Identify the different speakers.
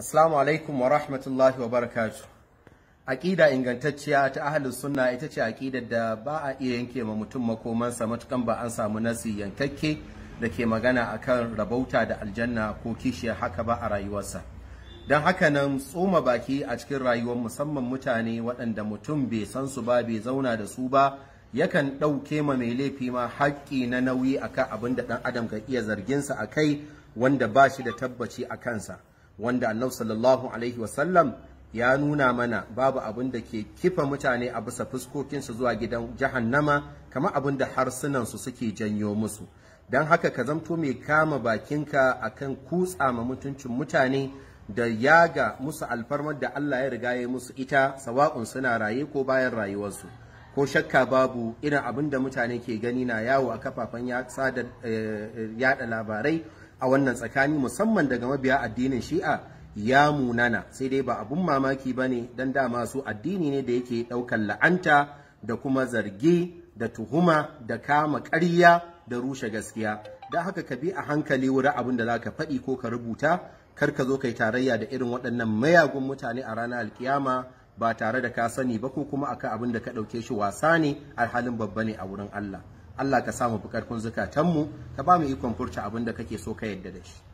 Speaker 1: Assalamu alaikum wa rahmatullahi wa barakatu. Aƙida ingantacciya ta ahalus sunna ita ce aƙidar da ba a iya yanke ma mutum makomansa matukan ba an samu nasi yankakke da ke magana akan rabauta da aljanna ko kishiyar haka ba a rayuwarsa. Don haka nan tsoma baki a cikin rayuwar musamman mutane waɗanda mutum bai san su ba bai zauna da su ba yakan ɗauke ma mai laifi ma haƙƙi na nauyi akan abin da ɗan adam kan iya zarginsa a kai wanda ba shi da tabbaci a kansa. wanda annabi sallallahu alaihi wasallam ya nuna mana babu abin da ke kifa mutane a bisa fuskokinsu zuwa gidan jahannama kama abin da harsunansu suke janyo musu don haka ka zamto mai kama bakinka akan kutsa ma mutuncin mutane da yaga musu alfarmar da Allah ya riga ya musu ita sawa'un suna raye ko bayan rayuwarsu ko shakka babu irin abin da mutane ke gani na yawo a kafafen yada eh, eh, labarai a wannan tsakani musamman daga mabiya addinin shi'a ya munana sai dai ba abun mamaki ba ne don dama su addini ne da yake ɗaukar la'anta da kuma zargi da tuhuma da kama ƙarya da rushe gaskiya don haka ka bi a hankali wurin abin da za ka faɗi ko ka rubuta kar ka zo ka yi tarayya da irin waɗannan mayagun mutane a ranar alkiyama ba tare da ka sani ba ko kuma akan abin da ka ɗauke shi wasa ne alhalin babba ne a wurin Allah. Allah ka samu fi karfin zukatanmu ka ba mu ikon furta abin da kake so ka yadda da shi